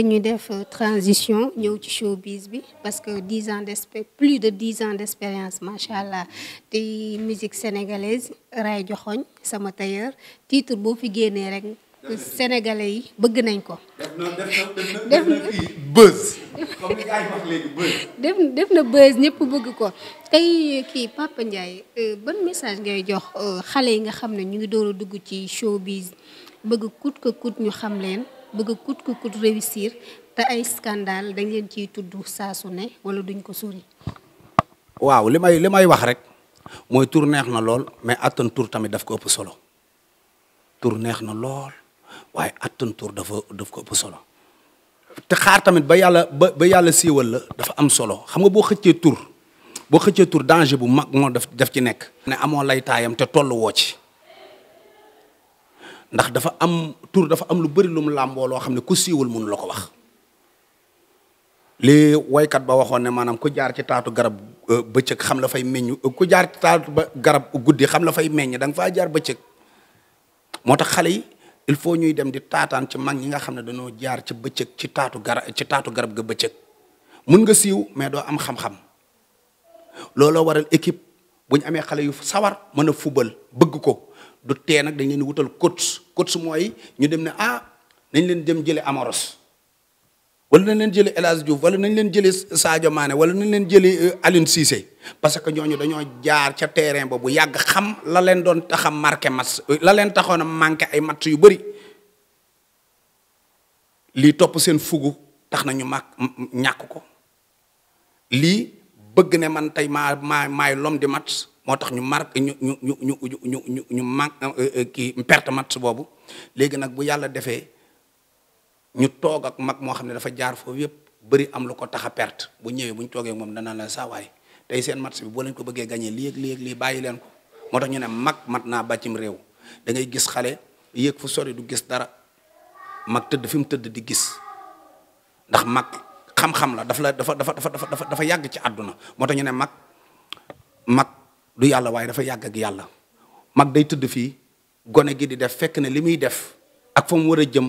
dañuy def euh, transition ñëw ci showbiz bi parce que dix ans d'expé plus de dix ans d'expérience macha allah te musique sénégalaise Ray Joxoñ sama tailleur titre boo fi génnee rek sénégalais yi bëgg nañ ko. def na buzz. def ñëpp bëgg ko tey kii Papa Ndiaye euh, message ngay jox euh, xale yi nga xam ne ñu ngi door a dugg ci showbiz bëgg kut ko kut ñu xam leen. bëgg kut ku kut réussir te ay scandale dañ leen ciy tudd saasu ne wala duñ ko sori. waaw li may li may wax rek mooy tur neex na lool mais attan tur tamit daf ko ëpp solo neex na lool waaye attan dafa daf ko ëpp solo te xaar tamit ba yàlla ba ba yàlla siiwal la dafa am solo xam nga boo xëccee tur boo xëccee tur danger bu mag moo daf daf ci nekk. ne amoo lay taayam te tollu woo ci. ndax dafa am tour dafa am lu bëri lu mu làmboo loo xam ne ku siiwul mënu la ko wax li waykat ba waxoon ne maanaam ku jaar ci taatu garab euh, bëccëg xam la fay meññ euh, ku jaar ci ba garab guddi xam la fay meññ da nga faa jaar bëccëg moo tax xale yi il faut ñuy dem di taataan ci mag ñi nga xam ne dañoo jaar ci bëccëg ci ci taatu garab ga bëccëg mun nga siiw mais doo am xam-xam looloo waral équipe bu amee xale yu sawar mën a fubal bëgg ko du tee nag dañ leen wutal coach coach mooy ñu dem ne ah nañ leen dem jële Amoros wala nañ leen jële El Hadj Diouf wala nañ leen jële Sadio Mané wala nañ leen jële euh, Alioune Cissé parce que ñooñu dañoo jaar ca terrain ba bu yàgg xam la leen doon taxam marqué match euh, la leen taxoon a manqué ay match yu bëri lii topp seen fugu tax nañu ñu ñàkk ko lii bëgg ne man tey maa maa maay lom di match moo tax ñu mar ñu ñu ñu ñu ñu ñu ñu man euh, euh, kii perte match boobu léegi nag bu yàlla defee ñu toog ak mag moo xam ne dafa jaar foofu yëpp bëri am lu ko tax a perte bu ñëwee bu ñu toogee moom danaa la saawaay tey seen match bi boo leen ko bëggee gagné lii ak lii ak bàyyi leen ko moo tax ñu ne mag mat naa bàccim réew da ngay gis xale yéeg fu sori du gis dara mag tëdd fi mu tëdd di gis ndax mag xam-xam la daf la dafa dafa dafa dafa dafa yàgg ci àdduna moo tax ñu ne mag mag. du yàlla waaye dafa yàgg ak yàlla mag day tëdd fii gone gi di def fekk ne li muy def ak fa mu war a jëm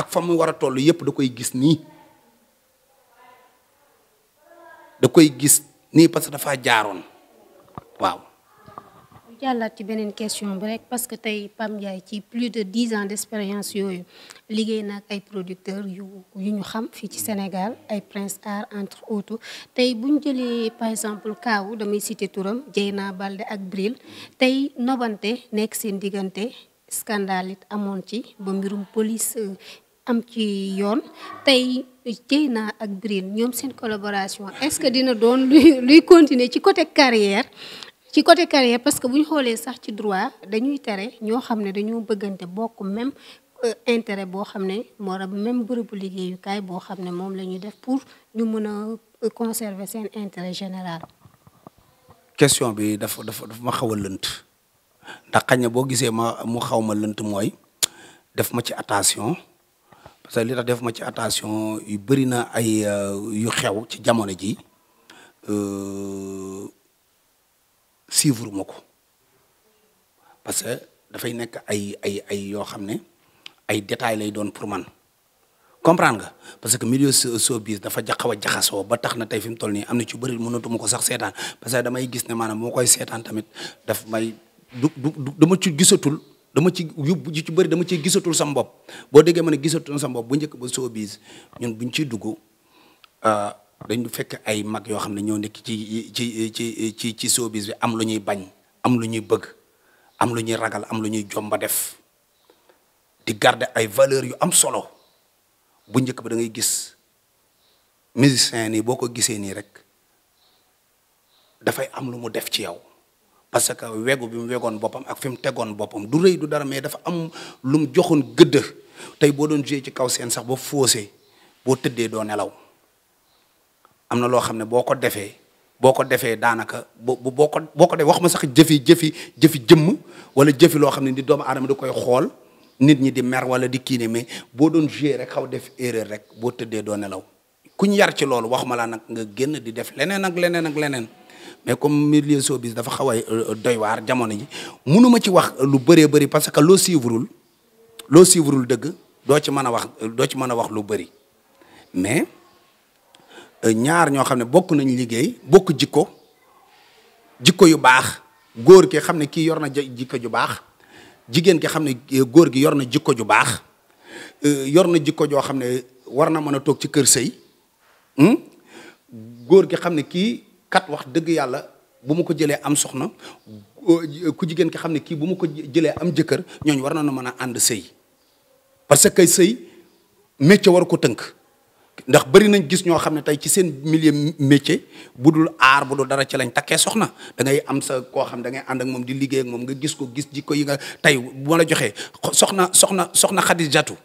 ak fa mu war a toll yépp da koy gis nii da koy gis nii parce que dafa jaaroon waaw jàllaat ci beneen question bi rek parce que tey Pape Ndiaye ci plus de dix ans d' expérience yooyu liggéey na ak ay producteurs yu yu ñu xam fii ci Sénégal ay Prince Art entre autres tey bu ñu jëlee par exemple kaaw damay cité turam naa Balde ak Bril tey nobante nekk seen diggante scandale amoon ci ba mbirum police euh, am ci yoon tey Dieyna ak Bril ñoom seen collaboration est-ce que dina doon luy luy continuer ci côté carrière ci côté carrière parce que bu xoolee sax ci droit dañuy tere ñoo xam ne dañoo bëggante bokk même euh, intérêt boo xam ne moo rab même liggéeyukaay boo xam ne moom la ñuy def pour ñu mën a euh, conserver seen intérêt général. question bi dafa dafa dafa ma xaw a lënt ndax xañ ne boo gisee ma mu xaw ma lënt mooy def ma ci attention parce que li tax def ma ci attention yu bëri na ay euh, yu xew ci jamono ji. suivre ma ko parce que dafay nekk ay ay ay yoo xam ne ay détails lay doon pour man comprendre nga parce que milieu showbiz dafa jaxaw a jaxasoo ba tax na tey fi mu toll nii am na ci bëri mënatuma ko sax seetaan parce que damay gis ne maanaam moo koy seetaan tamit daf may du du dama ci gisatul dama ci yóbbu ji ci bëri dama ci gisatul sam mbopp boo degee ma ne gisatul sam mbopp bu njëkk ba showbiz ñun buñ ciy dugg euh, dañu fekk ay mag yoo xam ne ñoo nekk ci ci ci ci ci showbiz bi am lu ñuy bañ am lu ñuy bëgg am lu ñuy ragal am lu ñuy jomba def di garder ay valeurs yu am solo bu njëkk ba dangay gis gis musicien nii boo ko gisee nii rek dafay am lu mu def ci yow parce que wegu bi mu wegoon boppam ak fi mu tegoon boppam du rëy du dara mais dafa am lu mu joxoon gëdd tey boo doon joué ci kaw seen sax ba foosee boo tëddee doo nelaw am na loo xam ne boo ko defee boo ko defee daanaka boo boo ko boo ko def wax ma sax jëfi jëfi jëfi jëmm wala jëfi loo xam ne di doomu adama da koy xool nit ñi di mer wala di kiine mais boo doon jouer rek xaw def erreur rek boo tëddee doo nelaw ku ñu yar ci loolu wax ma laa nag nga génn di def leneen ak leneen ak leneen mais comme milieu showbiz dafa xaw a euh, euh, doy jamono ji mënuma ci wax lu bëree bari parce que loo suivrul loo suivrul dëgg doo ci mën a wax doo ci mën a wax lu bëri mais ñaar ñoo xam ne bokk nañ liggéey bokk jikko jikko yu baax góor gi xam ne kii yor na jikko ju baax jigéen gi xam ne eh, góor gi yor na jikko ju baax eh, yor na jikko joo xam ne war na mën a toog ci kër sëy hmm? góor gi xam ne kii kat wax dëgg yàlla bu ma ko jëlee am soxna eh, ku jigéen ki xam ne kii bu ma ko jëlee am jëkkër ñooñ war na na mën a ànd sëy parce que sëy métier war ko tënk ndax bari nañ gis ñoo xam ne tey ci seen milieu métier bu dul aar bu dul dara ci lañ takkee soxna da am sa koo xam da ngay ànd ak moom di liggéey moom nga gis ko gis jikko yi nga tey bu ma la joxee soxna soxna soxna Xadijatu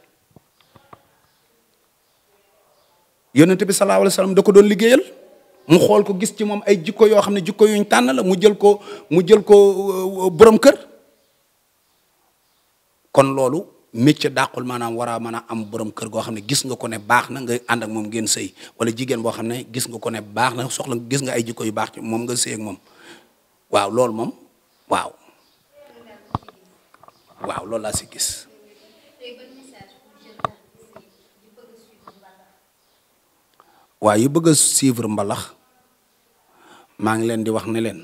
yonent bi sallallahu da ko doon liggéeyal mu xool ko gis ci moom ay jikko yoo xam ne jikko yuñ tànn mu jël ko mu jël ko euh, borom kër kon loolu métier dàqul maanaam war a mën a am borom kër goo xam ne gis nga ko ne baax na nga ànd ak moom ngeen sëy wala jigéen boo xam ne gis nga ko ne baax na soxla gis nga ay jikko yu baax moom nga sëy ak moom waaw loolu moom waaw waaw loolu laa si gis waaw yu bëgg a suivre mbalax maa ngi leen di wax ne leen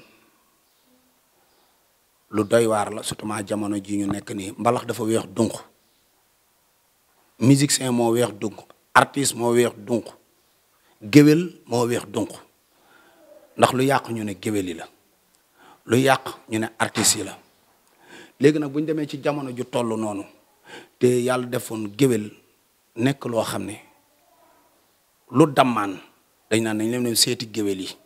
lu doy waar la surtout jamono ji ñu nekk nii mbalax dafa weex dunq musicien moo weex dunk artiste moo weex dunq géwél moo weex dunq ndax lu yàq ñu ne géwél yi la lu yàq ñu ne artiste yi la léegi nag buñ demee ci jamono ju toll noonu te yàlla defoon géwél nekk loo xam ne lu dammaan dañ naan dañ leen seeti géwél yi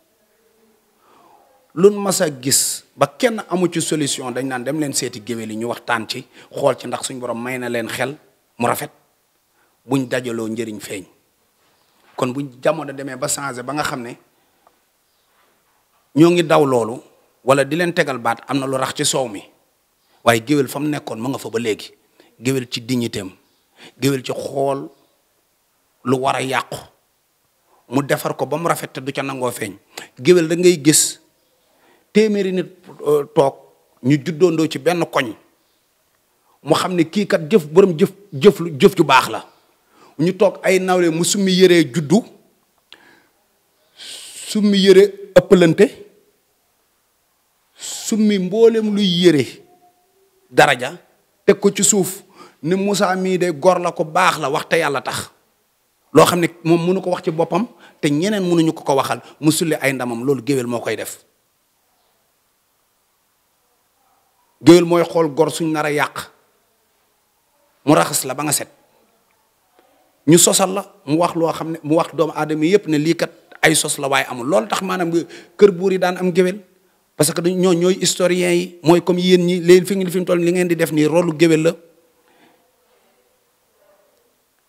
lun mas a gis ba kenn amu ci solution dañ naan dem leen seeti géwél yi ñu waxtaan ci xool ci ndax suñ borom may na leen xel mu rafet buñ dajaloo njëriñ feeñ kon bu jamono demee ba changé ba nga xam ne ñoo ngi daw loolu wala di leen tegal baat am na lu rax ci soow mi waaye géwél fa mu nekkoon ma nga fa ba léegi géwél ci dignité am géwél ci xool lu war a yàqu mu defar ko ba mu rafet te du ca nangoo feeñ géwél da ngay gis téeméeri nit euh, toog ñu juddoondoo ci benn koñ mu xam ne kii kat jëf borom jëf jëf jëf ju baax la ñu toog ay nawle mu summi yëree juddu summi yére ëppalante summi mboolem luy yëre daraja teg ko ci suuf ni Moussa mii de gor la ko baax la wax te yàlla tax loo xam ne moom mënu ko wax ci boppam te ñeneen mënuñu ko ko waxal mu sulli ay ndamam loolu géwél moo koy def géwél mooy xool gor suñ nar a yàq mu raxas la ba nga set ñu sosal la mu wax loo xam ne mu wax doomu aadama yëpp ne lii kat ay sos la waaye amul loolu tax maanaam kër buur yi daan am géwél parce que dañ ñoo ñooy historiens yi mooy comme yéen ñi léegi fi ngi fi mu toll li ngeen di def nii rolu géwél la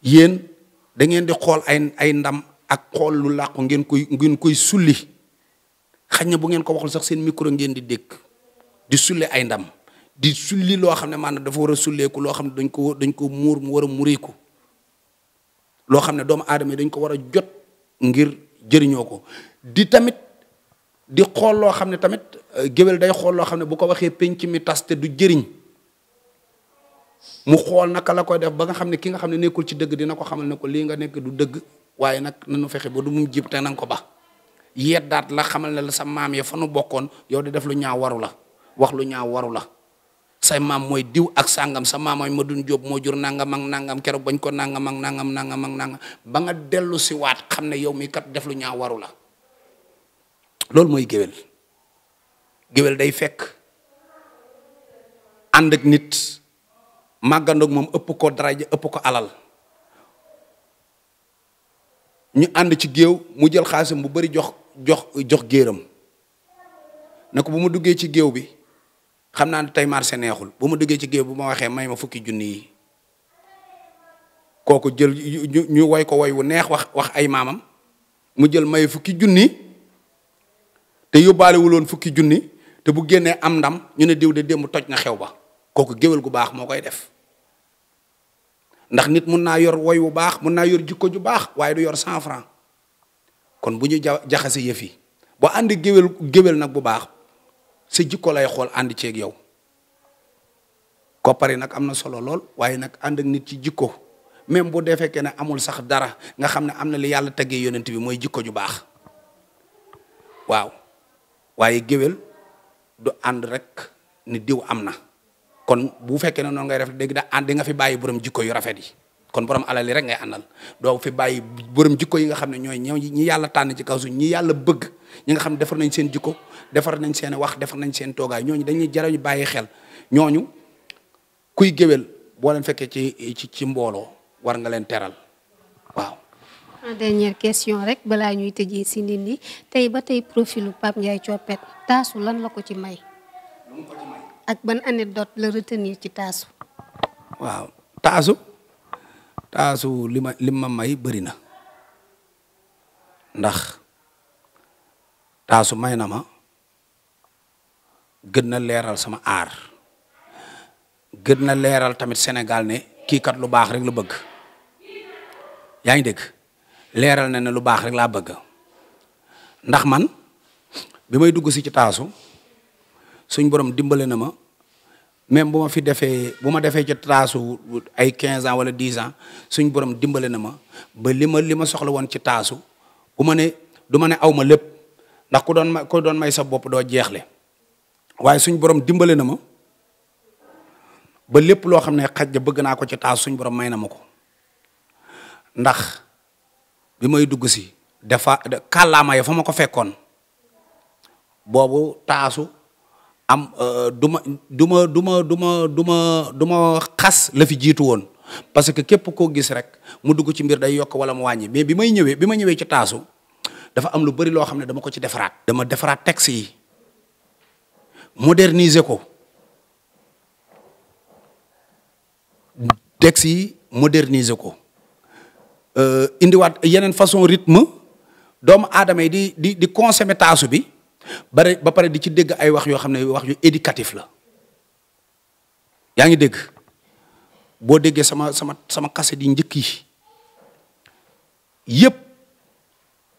yéen da di xool ay ay ndam ak xool lu làqu ngeen koy ngeen koy sulli xañ na bu ngeen ko waxul sax seen micro ngeen di dégg di sule ay ndam di sulli loo xam ne maanaam dafa war a sulleeku loo xam ne dañ ko dañ ko muur mu war a ko loo xam ne doomu aadama yi dañ ko war a jot ngir jëriñoo ko di tamit di xool loo xam ne tamit euh, géwél day xool loo xam ne bu ko waxee penc mi tas te du jëriñ mu xool naka la koy def ba nga xam ne ki nga xam ne nekkul ci dëgg dina ko xamal ne ko lii nga nekk du dëgg waaye nag nanu fexe ba du mu jib te na ko ba yeddaat la xamal ne la sa maam ya fa nu bokkoon yow di def lu ñaaw waru la wax lu ñaaw waru la say maam mooy diw ak sàngam sa maam mooy ma dun jóob moo jur nangam ak nangam keroog bañ ko nangam ak nangam nangam ak nangam ba nga dellu si waat xam ne yow mii kat def lu ñaaw waru la loolu mooy géwél géwél day fekk ànd ak nit màggandoog moom ëpp ko daraja ëpp ko alal ñu ànd ci géew mu jël xaalisam bu bari jox jox jox géeram ne ko bu mu duggee ci géew bi xam naa ne tey marché neexul bu ma duggee ci géew bu ma waxee may ma fukki junni yi kooku jël ñu woy ko woy wu neex wax wax ay maamam mu jël may fukki junni te yóbbaale wuloon fukki junni te bu génnee am ndam ñu ne diw de démb toj na xew ba kooku géwél gu baax moo koy def ndax nit mun naa yor woy wu baax mun naa yor jikko ju baax waaye du yor cent franc kon bu ñu jaxase yëf yi boo ànd géwél géwél nag bu baax sa jikko lay xool ànd ceeg yow koppar yi nag am na solo lool waaye nag ànd nit ci jikko même bu dee fekkee ne amul sax dara nga xam ne am na li yàlla teggee yonent bi mooy jikko ju baax waaw waaye géwél du ànd rek ni diw am na kon bu fekkee ne noonu ngay def dégg da ànd nga fi bàyyi borom jikko yu rafet yi kon borom alal rek ngay àndal doo fi jikko yi nga xam ne ñooy ñi yàlla tànn ci kaw suuf ñi yàlla bëgg ñi nga xam ne defar nañ seen jikko defar nañ seen wax defar nañ seen toogaay ñooñu dañuy jarañu bàyyi xel ñooñu kuy géwél boo leen fekkee ci ci mbooloo war nga leen teral waaw. en dernière question rek balaa ñuy tëjee si nit ñi tey ba tey profilu Pape Ndiaye Coppet taasu lan la ko ci may. ak ban anecdote la retenir ci taasu. waaw taasu taasu li ma li ma may bëri na ndax taasu may na ma gën na leeral sama aar gën na leeral tamit Sénégal ne kii kat lu baax rek la bëgg yaa ngi dégg leeral na ne lu baax rek laa bëgg ndax man bi may dugg si ci taasu suñ borom dimbale na ma même bu ma fi defee bu ma defee ci taasu ay 15 ans wala 10 ans suñ borom dimbale na ma ba lima ma li ma soxla woon ci taasu bu ma ne du ma ne aw lépp ndax ku doon may ku doon may sa bopp doo jeexle waaye suñ borom dimbale na ma ba lépp loo xam ne xaj ja bëgg naa ko ci taas suñ borom may na ma ko ndax bi may dugg si dafa kàllaama yi fa ma ko fekkoon boobu taasu am euh, du ma du ma du ma du ma du ma du ma xas la fi jiitu woon parce que képp koo gis rek mu dugg ci mbir day yokk wala mu wàññi mais bi may ñëwee bi ma ñëwee ci taasu dafa am lu bëri loo xam ne dama ko ci defaraat. dama defaraat texte yi moderniser ko texte yi moderniser ko euh, indiwaat yeneen façon rythme doomu aadama yi di di di consommer bi bare ba pare di ci dégg ay wax yoo xam ne wax yu éducatif la yaa ngi dégg boo déggee sama sama sama kase di njëkk yi yëpp.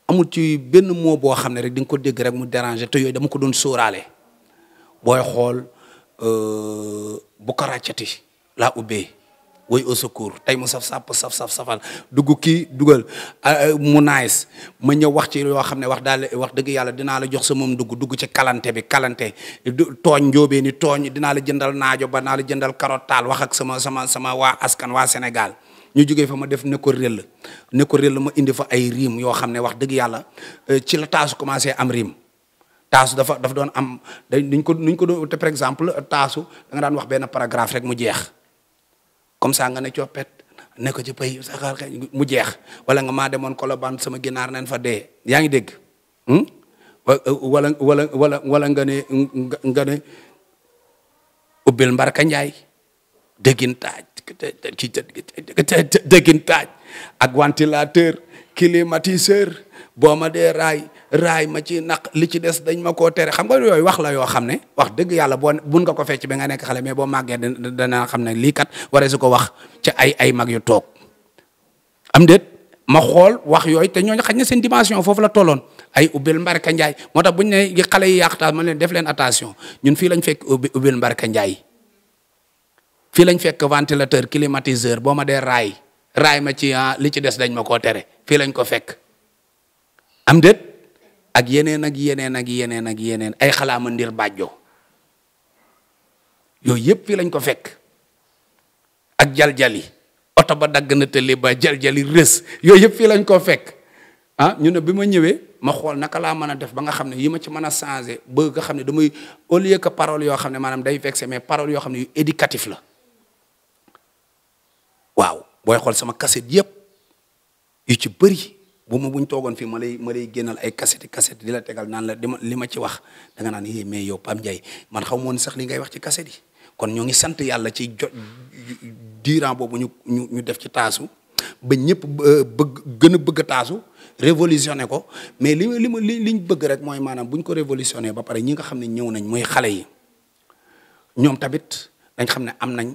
amul ci benn moo boo xam ne rek di nga ko dégg rek mu déranger to yooyu dama ko doon sóoraale booy xool euh, bu ko ràccati laa ubbee woy au secours tey mu saf sàpp saf saf safal dugg kii dugal mu naayis ma ñëw wax ci yoo xam ne wax daal wax dëgg yàlla dinaa la jox sama moom dugg dugg ci kalante bi kalante tooñ njóobee ni tooñ dinaa la jëndal naajo ba naa la jëndal karottaal wax ak sama sama sama waa askan waa Sénégal ñu jógee fa ma def ne ko réel ne ko réel ma indi fa ay riim yoo xam ne wax dëgg yàlla euh, ci la taasu commencé am riim taasu dafa dafa doon am dañ nuñ ko nuñ ko doon par exemple taasu da nga daan wax benn paragraphe rek mu jeex comme ça nga ne coppet nekko ci pay saxaar mu jeex wala nga maa demoon kolobaan sama ginaar nañ fa dee yaa ngi dégg hmm? euh, wala wala wala wala nga ne nga ne ubbil mbarka njaay dëggintaaj dëggintaaj ak ventilateur climatiseur boo ma dee raay raay ma ci naq li ci des dañ ma koo tere xam nga yooy wax la yoo xam ne wax dëgg yàlla boo bun nga ko fe fecc bi nga nekk xale mais boo màggee dana xam ne lii kat waree su ko wax ci ay mag yu toog am déet ma xool wax yooyu te ñooñu xaj na seen dimension foofu la tolloon ay ubbil mbarka njaay moo tax buñ ne xale yi yàqtaas ma leen def leen attention ñun fii lañ fekk ubbil mbarka njaay fii lañ fekk ventilateur climatiseur boo ma dee raay raay ma ci ah, li ci des dañ ma koo tere fii lañ ko fekk am déet ak yeneen ak yeneen ak yeneen ak yeneen ay xalaama ndir bàjjo yooyu yëpp fii lañ ko fekk ak jaljali oto ba dagg na tëli ba jaljali rës yooyu yëpp fii lañ ko fekk ah ñu ne bi ma ñëwee ma xool naka laa mën a def ba nga xam ne yi ma ci mën a changé ba nga xam ne damay au lieu parole yoo xam ne maanaam day vexé mais parole yoo xam ne yu éducatif la waaw booy xool sama kaset yëpp yu ci bëri bu ma buñ toogoon fii ma lay ma lay génnal ay kaset kaset di la tegal naan la li ma ci wax danga naan yé eh, mais yow Pape Ndiaye man xaw moon sax li ngay wax ci kaset yi kon ñoo ngi sant yàlla ci jo durant boobu ñu ñu ñu def ci taasu ba ñëpp bëgg gën a bëgg a taasu révolutionné ko mais li ma li ma li liñ bëgg rek mooy maanaam buñ ko révolutionné ba pare ñi nga xam ne ñëw nañ mooy xale yi ñoom tamit dañ xam ne am nañ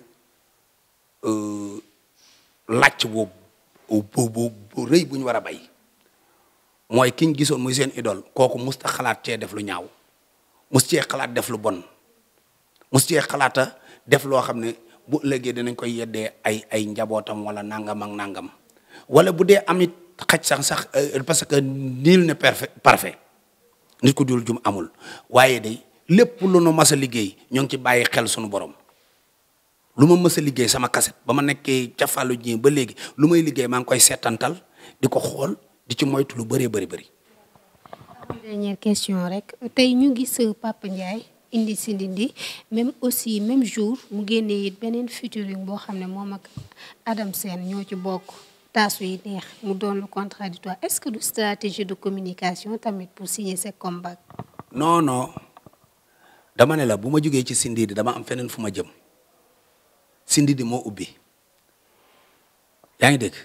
euh, làcc bu bu bu bu rëy bu ñu war a bay mooy kiñ gisoon muy seen idole kooku mus a xalaat cee def lu ñaaw mus cee xalaat def lu bon mus cee xalaata def loo xam ne bu ëllëgee danañ koy yeddee ay ay njabootam wala nangam ak nangam wala bu dee am it xaj sax sax euh, parce que niil ne parfait parfait nit ku dul jum amul waaye day lépp lu nu mas a liggéey ñoo ngi ci bàyyi xel sunu borom. lu ma mës a liggéey sama kaset ba ma nekkee ca Fallou ba léegi lu may liggéey maa ngi koy seetantal di ko xool di ci moytu lu bëree bëri bëri. dernière question rek tey ñu gis Papa Ndiaye indi si Ndindy même aussi même jour mu génnee it beneen featuring boo xam ne moom ak Adam ñoo ci bokk taasu yi neex mu doon lu contradictoire est-ce que du stratégie de communication tamit pour signer ce combat. non non dama ne la bu ma jógee ci Ndindy dama am feneen fu ma jëm. si di moo ubbi yaa ngi dégg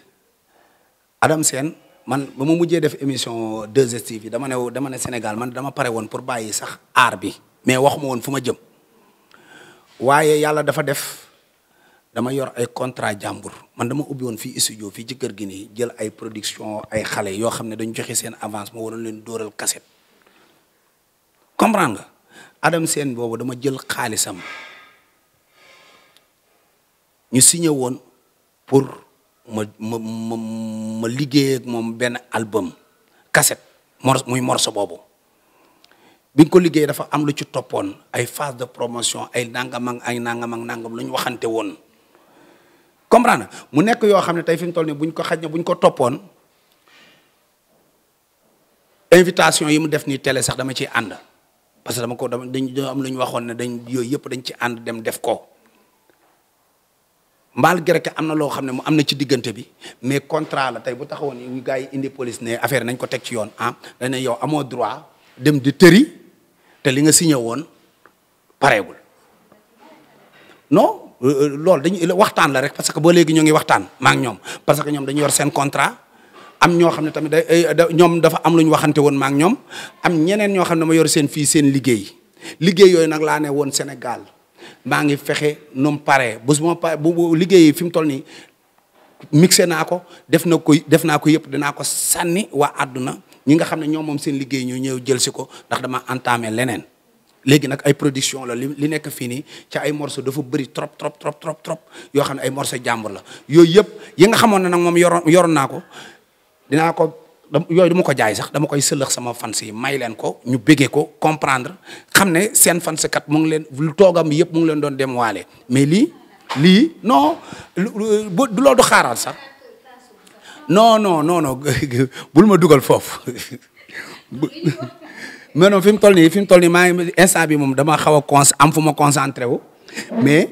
Adam Sène man ba mu mujjee def émission 2STV yi dama ne dama ne Sénégal man dama pare woon pour bàyyi sax aar bi mais waxuma woon fu ma jëm waaye yàlla dafa def dama yor ay contrat jàmbur man dama ubbi woon fii studio fii ci kër gi nii jël ay production ay xale yoo xam ne dañu joxe seen avance moo waroon leen dóoral kaset comprendre nga Adam Sène boobu dama jël xaalisam ñu signé woon pour ma ma ma liggéey ak moom benn album cassette mor muy morso boobu bi ñu ko liggéey dafa am lu ci toppoon ay phase de promotion ay nangam ak ay nangam ak nangam lu ñu waxante woon comme comprendre mu nekk yoo xam ne tey fim mu toll nii bu ko xaj na bu ko toppoon invitation yi mu def nii télé sax dama ciy ànd parce que dama ko dama dañ am lu ñu waxoon ne dañ yooyu yëpp dañ ci ànd dem def ko malgré que am na loo xam ne mu am na ci diggante bi mais contrat la tey bu taxawoon ñu gars yi indi police ne affaire nañ ko teg ci yoon a ah, dañ ne yow amoo droit dem di tëri te li nga si ñëw woon pareegul non euh, euh, loolu dañuy waxtaan la rek parce que boo léegi ñoo ngi waxtaan maak ñoom parce que ñoom dañu yor seen contrat am ñoo xam ne tamit ñoom dafa am lu ñu waxante woon maak ñoom am ñeneen ñoo xam ne ma yor seen fii seen liggéey liggéey yooyu nag laa ne woon Sénégal maa ngi fexe nu mu paree bu ma pare bu liggéey fi mu toll nii mixé naa ko def na ko def naa ko yëpp dinaa ko sànni waa àdduna ñi nga xam ne ñoom moom seen liggéey ñoo ñëw jël si ko ndax dama entamé leneen. léegi nag ay production la li li nekk fii nii ci ay morceaux dafa bëri trop trop trop trop trop yoo xam ne ay morceaux jàmbur la yooyu yëpp yi nga xamoon ne nag moom yoroon yoroon naa ko dinaa ko. da yooyu dama ko jaay sax dama koy sëlëx sama fans yi may leen ko ñu bëggee ko comprendre xam ne seen fans kat mu ngi leen lu toogam yëpp mu ngi leen doon dem waale mais lii lii non du loolu du xaaraat sax noo noo non bul ma dugal foofu mais non fi mu toll nii fi mu toll nii maa ngi instant bi moom dama xaw a cons am fu ma concentré wu mais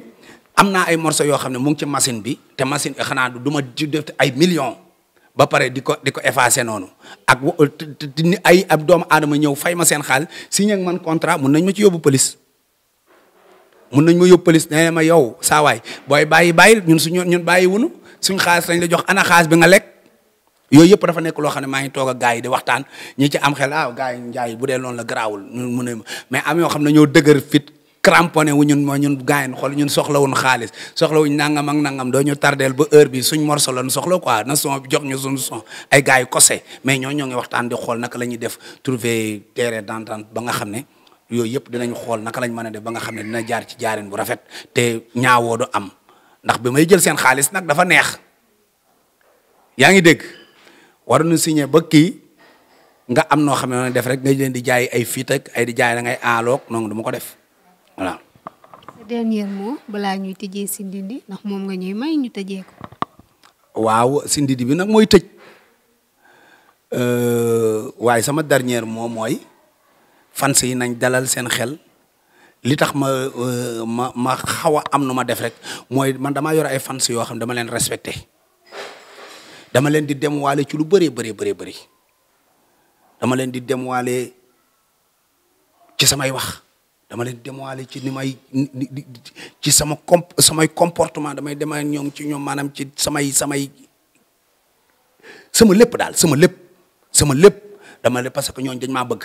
am naa ay morceaux yoo xam ne mu ngi ci machine bi te machine xanaa du ma def ay millions ba pare di ko di ko effacé noonu ak ay ab doomu aadama ñëw fay ma seen xaal si ak man contrat mun nañ ma ci yóbbu police mun nañ ma yóbbu police nee ma yow saawaay booy bàyyi bàyyi ñun suñu ñun bàyyi wunu suñ xaalis lañ la jox ana xaalis bi nga lekk yooyu yëpp dafa nekk loo xam ne maa ngi toog ak yi di waxtaan ñi ci am xel ah gars yi njaay bu dee loolu la garaawul mun ne ma am yoo xam na ñoo dëgër fit cramponné wu ñun mooy ñun gaayen xool ñun soxlawuñ xaalis soxlawuñ nangam ak nangam doo ñu tardeel ba heure bi suñ morceau lañ soxla quoi na son jox ñu suñ son ay gars yu kose mais ñoo ñoo ngi waxtaan di xool naka la ñuy def trouver terrain d'entente ba nga xam ne yooyu yëpp dinañ xool naka lañ mën a def ba nga xam ne dina jaar ci jaarin bu rafet te ñaawoo du am ndax bi may jël seen xaalis nag dafa neex yaa ngi dégg waruñu signé ba kii nga am noo xam ne def rek nga leen di jaay ay fiit ak ay di jaay da ngay aaloog noonu du ko def voilà. sa dernier mot balaa ñuy tëjee si ndindi ndax moom nga ñuy may ñu tëjee ko. waaw si bi nag mooy tëj euh, waaye sama dernier mot mooy fans yi nañ dalal seen xel. li tax ma euh, ma ma am nu ma def rek mooy man damaa yor ay fans yoo xam dama leen respecté dama leen di dem waale ci lu bëree bëree bëree bëri dama leen di dem waale ci samay wax dama leen demoale ci ni may ci sama comp samay comportement damay dema ñoom ci ñoom maanaam ci samay samay sama lépp daal sama lépp sama lépp dama leen parce que ñooñ dañ bëgg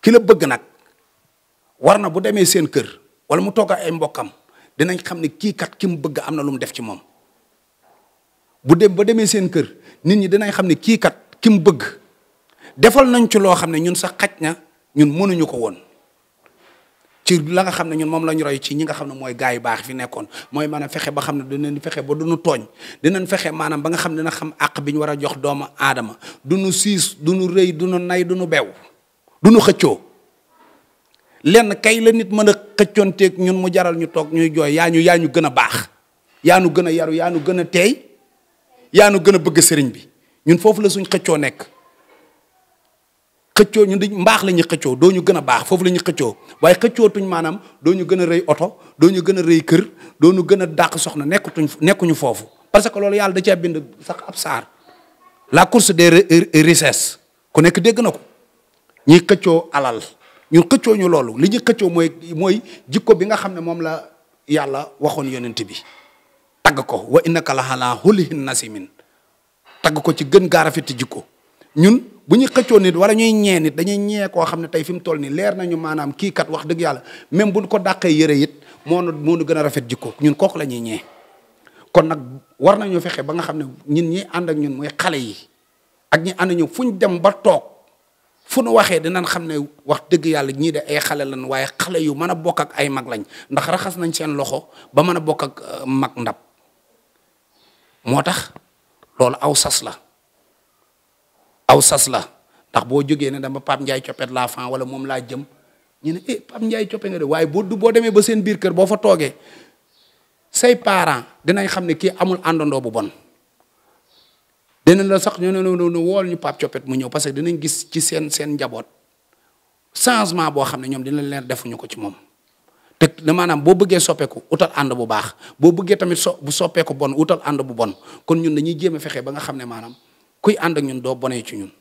kilo bëgg nag war na bu demee seen kër wala mu toog ay mbokkam dinañ xam ne kii kat ki mu bëgg am na lu mu def ci moom bu dem ba demee seen kër nit ñi dinañ xam ne kii kat ki mu bëgg defal nañ ci loo xam ne ñun sax xaj na ñun mënuñu ko woon ci la nga xam ne ñun moom la ñu roy ci ñi nga xam ne mooy gars yu baax fi nekkoon mooy a fexe ba xam ne dinañ fexe ba duñu tooñ dinañ fexe maanam ba nga xam ne dina xam àq bi ñu war a jox doomu aadama duñu siis duñu rëy duñu nay dunu bew dunu xëccoo lenn kay la nit mën a xëccoonteeg ñun mu jaral ñu toog ñuy jooy yaa ñu yaa ñu gën a baax yaa nu gën a yaru yaa nu gën a teey yaa ñu gën a bëgg sëriñ bi ñun foofu la suñ xëccoo nekk xëccoo ñun dañ mbaax la ñuy xëccoo doo ñu a baax foofu la ñuy xëccoo xëccootuñ maanaam doo ñu gën a rëy oto doo ñu gën a rëy kër doo ñu gën a dàq soxna nekkutuñ nekkuñu foofu parce que loolu yàlla da cee ab saar la course des ku nekk dégg na ko ñuy xëccoo alal ñun xëccoo ñu loolu li ñuy xëccoo mooy mooy jikko bi nga xam ne moom la yàlla waxoon yonent bi tagg ko wa innaka la ala hulihin nasimin tagg ko ci gën gaarafeti jikko ñun bu ñu xëccoo nit wala ñuy ñee nit dañuy ñee koo xam ne tey fi mu toll nii leer nañu maanaam kii kat wax dëgg yàlla même ñu ko dàqee yére it moo nu moo nu gën a rafet jikko ñun kook la ñuy ñee kon nag war nañu fexe ba nga xam ne ñun ñi ànd ak ñun mooy xale yi ak ñi ànd ñu fu ñu dem ba toog fu nu waxee dinañ xam ne wax dëgg yàlla ñii de ay xale lañ waaye xale yu mën a bokk ak ay mag lañ ndax raxas nañ seen loxo ba mën a bokk ak euh, mag ndab moo tax loolu aw sas la aw sas la ndax boo jógee ne dama Pape Ndiaye coppet laa fan wala moom laa jëm ñu ne eh njaay Ndiaye coppe nga de waaye boo demee ba seen biir kër boo fa toogee say parent dinañ xam ne kii amul àndandoo bu bon dinañ la sax ñu ne noonu wool ñu Pape coppet mu ñëw parce que danañ gis ci seen seen njaboot changement boo xam ne ñoom dinañ leen defuñu ko ci moom. teg te maanaam boo bëggee soppeeku utal ànd bu baax boo bëggee tamit so soppeeku bon utal ànd bu bon kon ñun dañuy jéem fexe ba nga xam ne maanaam. kuy ànd ak ñun doo bonee ci ñun